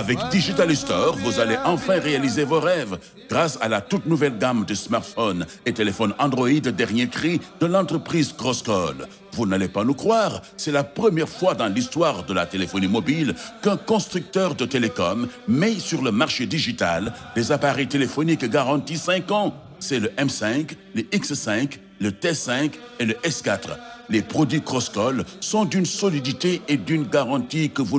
Avec Digital Store, vous allez enfin réaliser vos rêves grâce à la toute nouvelle gamme de smartphones et téléphones Android dernier cri de l'entreprise Crosscall. Vous n'allez pas nous croire, c'est la première fois dans l'histoire de la téléphonie mobile qu'un constructeur de télécom met sur le marché digital des appareils téléphoniques garantis cinq ans. C'est le M5, le X5, le T5 et le S4. Les produits Crosscall sont d'une solidité et d'une garantie que vous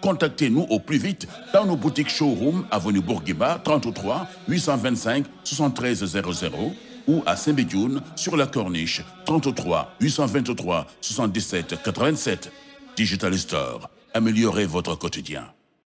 Contactez-nous au plus vite dans nos boutiques showroom avenue Bourguiba 33 825 73 00 ou à Soumbédioune sur la Corniche 33 823 77 87 Digital Store améliorez votre quotidien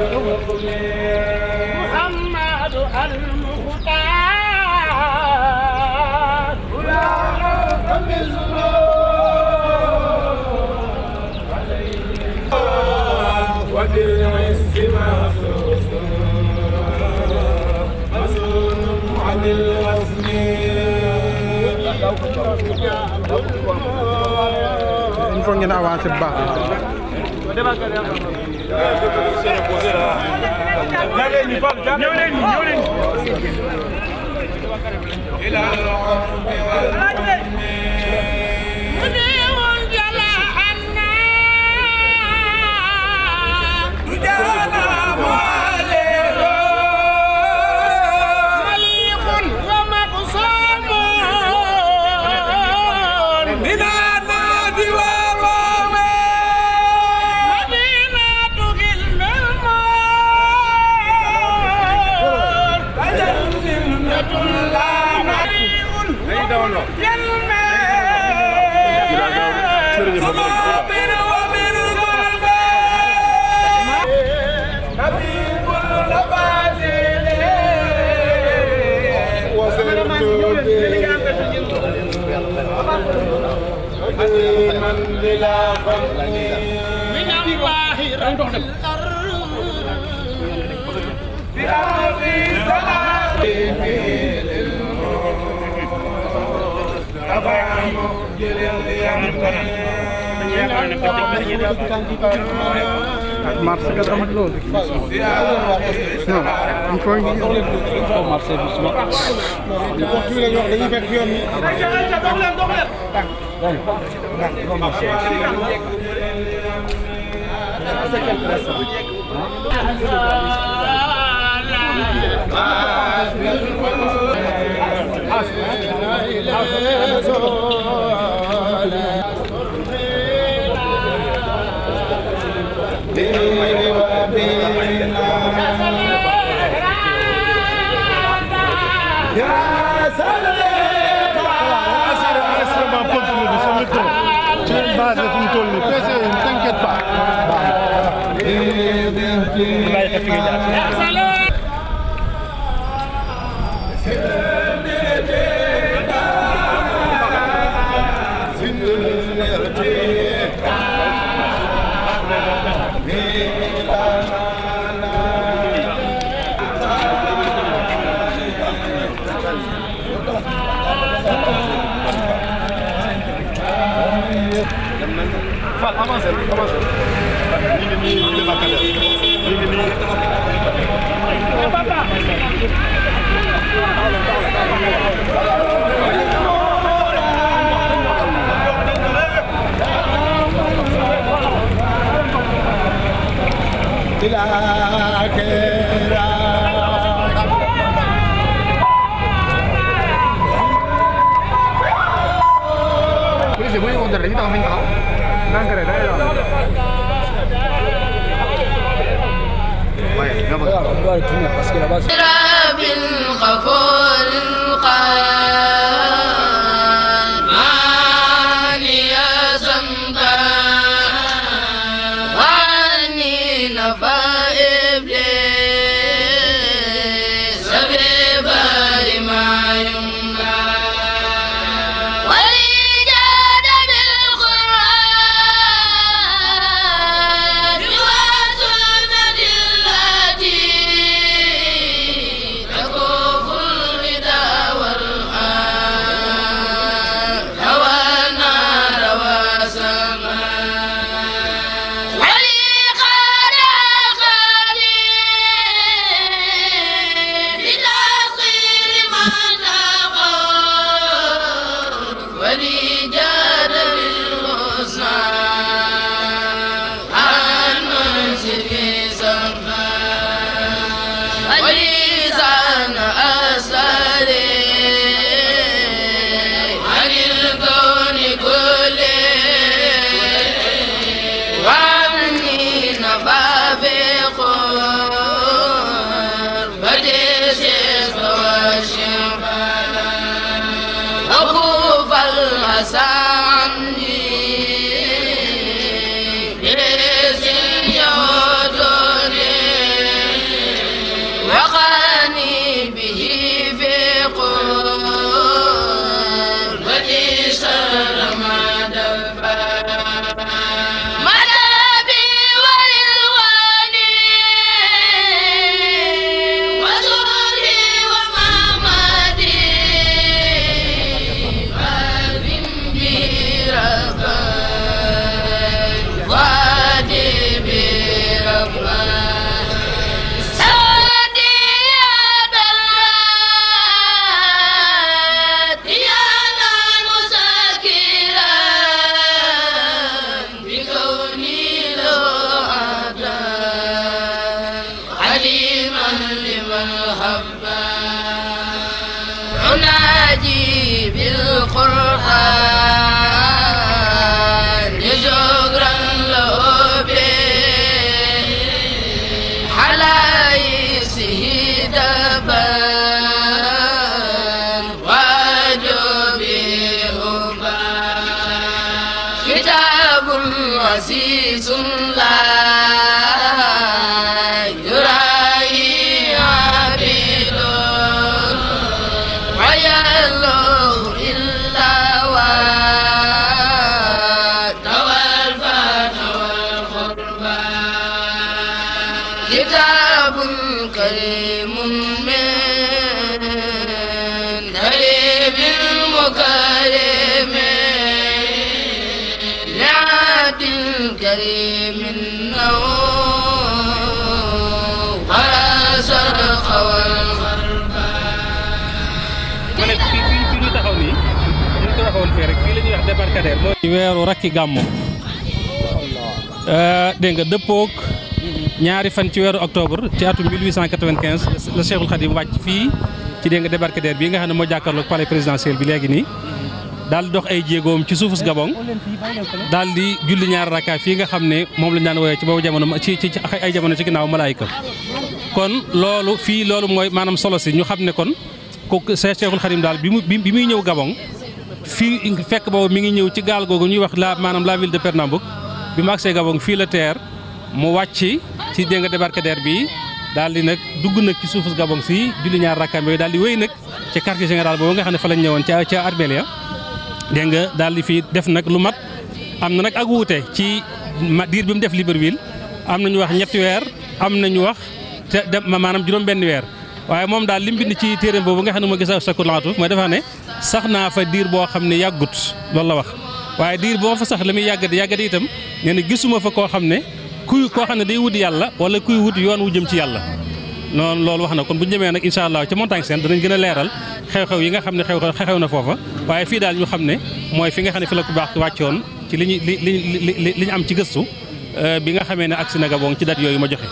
محمد المختار لا حكم وبالعز مخصوص مزون عن الوزن il faut ngeen avancer bu baax Wow. dox dem marché kat amul loolu. non il faut ñu. foofu marché bi suba. waxtu bi la ñu wax dañuy fekk yoon yi. Mas eu não tô limpo. bàyyi xel fi nga jaar Fala, avança, avança. polisi gue udah lagi tangan kau nangkere dah parce que débarcadère. ci weeru rakki gàmmu. Eh, dégg nga dëppook ñaari fan ci weeru octobre ci atum 1895 la Cheikhul Khadim wàcc fii ci dégg nga débarcadère bii nga xam ne moo jàkkaarloog palais présidentiel bi léegi nii. daal di dox ay jéegoom ci suufus Gabon daal di julli ñaar rakka fii xam ne moom lañ daan woowee ci boobu jamono ci ci ay jamono ci ginnaaw malaayika kon loolu fii loolu mooy maanaam solo si ñu xam ne kon ku Cheikhul Khadim daal bi muy ñëw Gabon. fii fekk boobu mi ngi ñëw ci gaal googu ñuy wax la maanaam la ville de Pernambouc bi mu agsee Gabon fii la teer mu wàcc ci dégg nga débarcadère bi daal di nag dugg nag ci suufu Gabon si julli ñaar rakkaam yooyu daal di wéy nag ci quartier général boobu nga xam ne fa lañ ñëwoon ca ca Arbelia dégg nga daal di fii def nag lu mat am na nag ak wuute ci diir bi mu def Libreville am na ñu wax ñetti weer am na ñu wax te maanaam juróom benn weer waaye moom daal li mu ci téere boobu nga xam ne moo gis a sakku laatuf mooy dafa ne sax naa fa diir boo xam ne yàggut loolu la wax waaye diir boo fa sax la muy yàggati yàggati itam nee na gisuma fa koo xam ne kuy koo xam ne day wut yàlla wala kuy wut yoon wu jëm ci yàlla noonu loolu wax na kon bu ñu nag incha allah ca montagne seen danañ gën a leeral xew-xew yi nga xam ne xew xew na foofa waaye fii daal ñu xam ne mooy fi nga xam ne fi la ku baax wàccoon ci li ñu li li li ñu am ci gëstu euh, bi nga xamee ne ak si ci dat yooyu ma joxe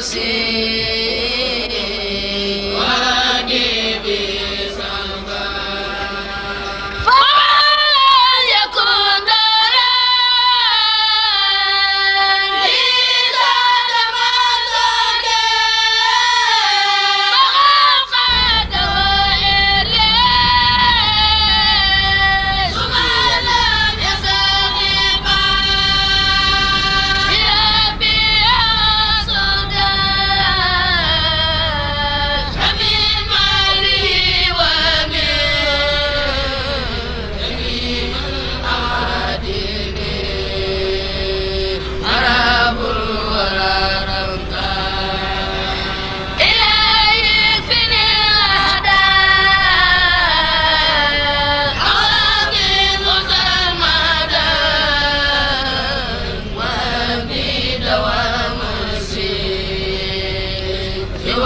الحسين